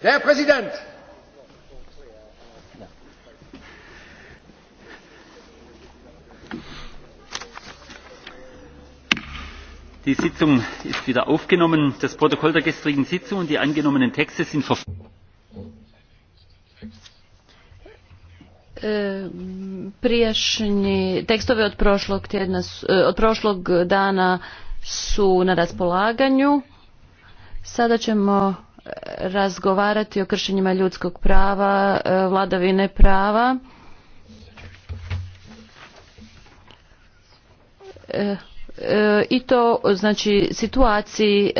Herr Präsident! Die Sitzung ist wieder aufgenommen. Das Protokoll der gestrigen Sitzung und die angenommenen Texte sind ehm, Prijašnji tekstove od prošlog, tjedna, e, od prošlog dana su na raspolaganju. Sada ćemo razgovarati o kršenjima ljudskog prava, e, vladavine prava. E, e, I to znači situaciji